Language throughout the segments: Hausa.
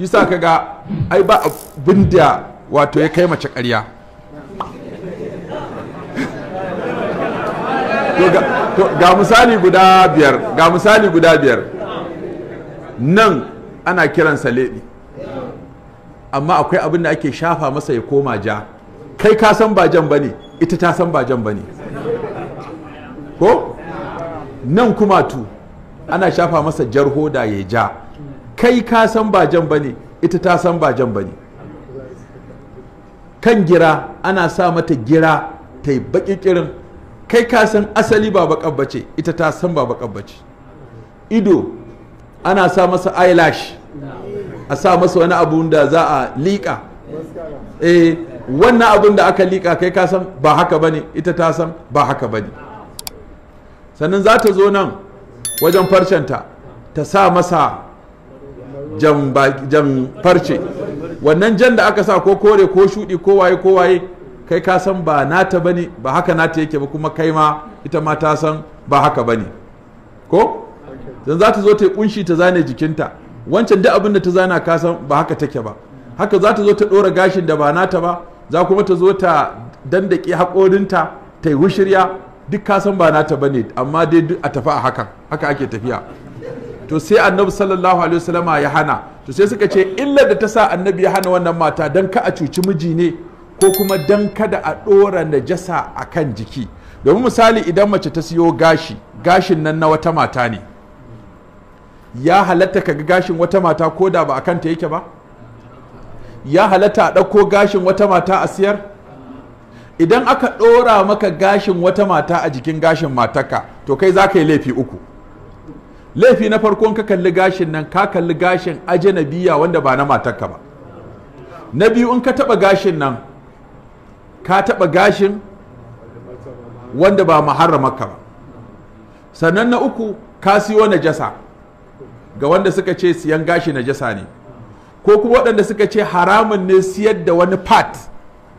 shi sa kaga ai ba abin da wato ya kai mace ƙarya ga misali guda biyar ga misali guda biyar nan ana kiransa leɓi amma akwai abin da ake shafa masa ya koma ja kai ka san ba jan bane ita ta san ba jan bane ko nan kuma tu ana shafa masa jar hoda ya ja kai ka san ba jan bane ita ta san ba jan bane kan gira ana sa mata gira ta yi baki kai ka san asali ba bakan bace ita ta san ba bakan bace ido ana sa masa eyelash a sa masa wani abu da za a liƙa eh wannan abun da aka liƙa kai ka san ba haka bane ita ta san ba haka bane sannan za ta zo nan wajen farcenta ta sa masa jan farce wannan jan da aka sa ko kore ko shudi ko waye ko waye kai ka san ba nata bane ba haka nata yake ba kuma kai ma ita ma ta san ba haka bane ko dan za ta zo ta kunshi ta zane jikinta wancan duk abin da ta zana ka san ba haka take ba haka za ta zo ta ɗora gashin da ba nata ba za kuma ta zo ta dandake haƙorinta ta yi wushirya duk ka san ba nata bane amma dai a tafi a hakan haka ake tafiya to sai annabi sallallahu alaihi wasallama ya hana to sai suka ce illar da ta sa annabi ya hana wannan mata dan ka a cuci miji ne ko kuma dan kada a ɗora najasa a kan jiki domin misali idan mace ta siyo gashi gashin nan na wata mata ne ya halatta ka ga gashin wata mata ko da ba a kanta yake ba ya halatta a ɗauko gashin wata mata a siyar idan aka ɗora maka gashin wata mata a jikin gashin mataka to kai za ka yi laifi uku laifi na farko ka kalli gashin nan ka kalli gashin ajanabiya wanda ba na matarka ba na biyu in ka taba gashin nan ka taba gashin wanda ba maharramarka ba sannan na uku ka siyo najasa ga wanda suka ce siyan gashi najasa ne ko kuma waɗanda suka ce haramun ne siyar da wani part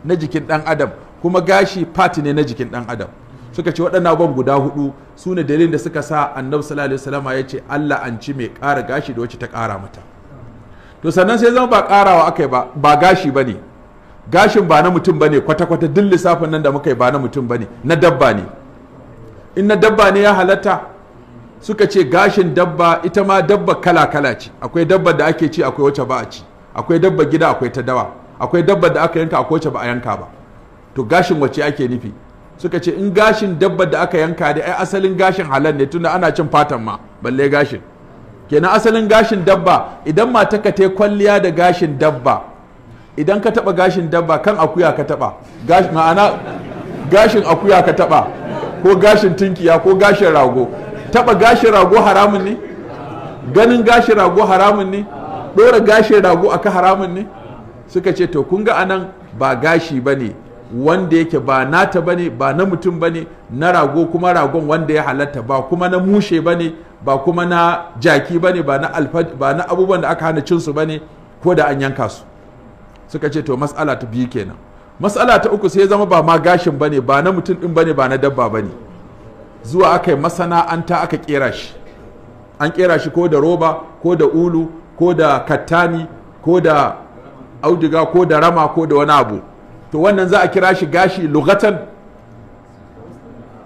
na jikin ɗan adam kuma gashi part ne na jikin ɗan adam suka ce waɗannan abubuwan guda hudu su ne dalilin da suka sa annabi sallallahu alaihi wasallam ya ce Allah an ci mai ƙara gashi da wacce ta ƙara mata to sannan sai zama ba ƙarawa aka yi ba gashi ba ne gashin ba na mutum ba ne kwata-kwata duk lissafin nan da muka yi ba na mutum ba ne na dabba ne in na dabba ne ya halatta suka ce gashin dabba ita ma dabba kala-kala ce akwai dabba da ake ci akwai wacce ba a ci akwai dabba gida akwai ta dawa akwai dabba da aka yanka akwai wacce ba a yanka ba to gashin wacce ake nufi suka ce in gashin dabba da aka yanka da ai asalin gashin halal ne tunda ana cin fatan ma balle gashin kenan asalin gashin dabba idan mata ka tai kwalliya da gashin dabba idan ka taba gashin dabba kan akuya ka taba gashin ma'ana gashin akuya ka taba ko gashin tinkiya ko gashin rago taba gashin rago haramun ne ganin gashin rago haramun ne dora gashin rago aka haramun ne suka ce to kun ga anan ba gashi bane wanda yake ba nata bane ba na mutum bane na rago kuma ragon wanda ya halatta ba kuma na mushe bane ba kuma na jaki bane ba na ba na abubuwan da aka hana cin su bane ko da an yanka su suka ce to mas'ala ta biyu kenan mas'ala ta uku sai zama ba ma gashin bane ba na mutum din bane ba na dabba bane zuwa aka yi masana'anta aka kera shi an kera shi ko da roba ko da ulu ko da kattani ko da auduga ko da rama ko da wani abu to wannan za a kira shi gashi lugatan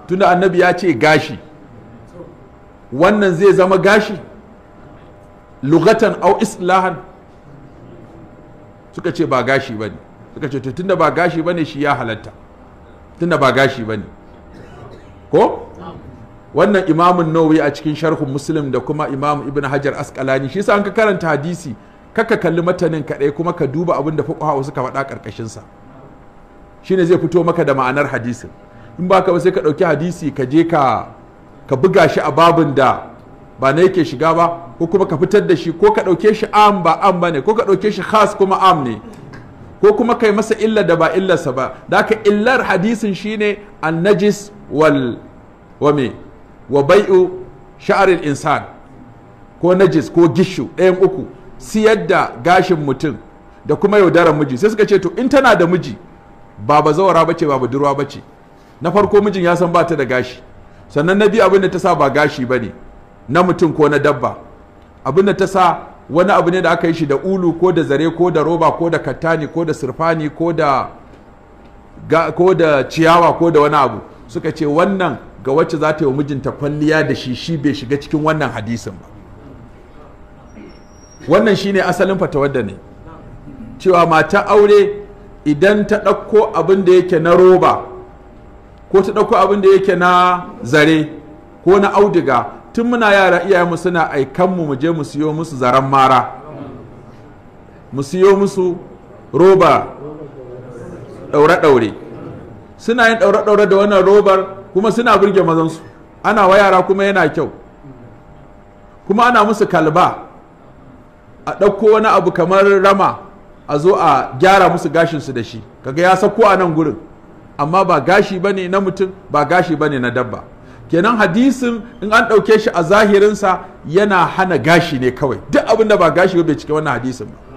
tunda annabi ya ce gashi wannan zai zama gashi lugatan au islahan suka ce ba gashi ba ne suka ce to tunda ba gashi ba ne shi ya halatta tunda ba gashi ba ne ko wannan imamun nawawi a cikin sharhun muslim da kuma imamu ibn hajar askalani shi sa an ka karanta hadisi kaka kalli matanin kaɗai kuma ka duba abin da fuqaha suka faɗa ƙarƙashinsa sa shine zai fito maka da ma'anar hadisin in ba ka ba sai ka ɗauki hadisi ka je ka buga shi a babin da ba na yake shiga ba ko kuma ka fitar da shi ko ka ɗauke shi am ba am ba ne ko ka ɗauke shi khas kuma am ne ko kuma kai masa illa da ba illarsa ba da haka illar hadisin shine an najis wal wa wa bai'u sha'aril insan ko najis ko gishu ɗayan uku siyar da gashin mutum da kuma yaudarar miji sai suka ce to in tana da miji ba ba zawara bace ba budurwa bace na farko mijin ya san ba ta da gashi sannan na biyu abin da ta sa ba gashi bane na mutum ko na dabba abin da ta sa wani abu ne da aka yi shi da ulu ko da zare ko da roba ko da kattani ko da sirfani ko da ko da ciyawa ko da wani abu suka ce wannan ga wacce za ta yi wa mijinta kwalliya da shi shi bai shiga cikin wannan hadisin ba wannan shi ne asalin fatawar da ne cewa mata aure idan ta ɗauko abin da yake na roba ko ta ɗauko abin da yake na zare ko na auduga tun muna yara iyayenmu suna aikanmu mu je mu siyo musu zaren mara mu siyo musu roba ɗaure-ɗaure suna yin ɗaure-ɗaure da wannan robar kuma suna burge mazansu ana wa yara kuma yana kyau kuma ana musu kalba a ɗauko wani abu kamar rama a zo a gyara musu gashinsu da shi kaga ya sauko a nan gurin amma ba gashi bane na mutum ba gashi bane na dabba kenan hadisin in an ɗauke shi a zahirinsa yana hana gashi ne kawai duk abin da ba gashi ba bai cika wannan hadisin ba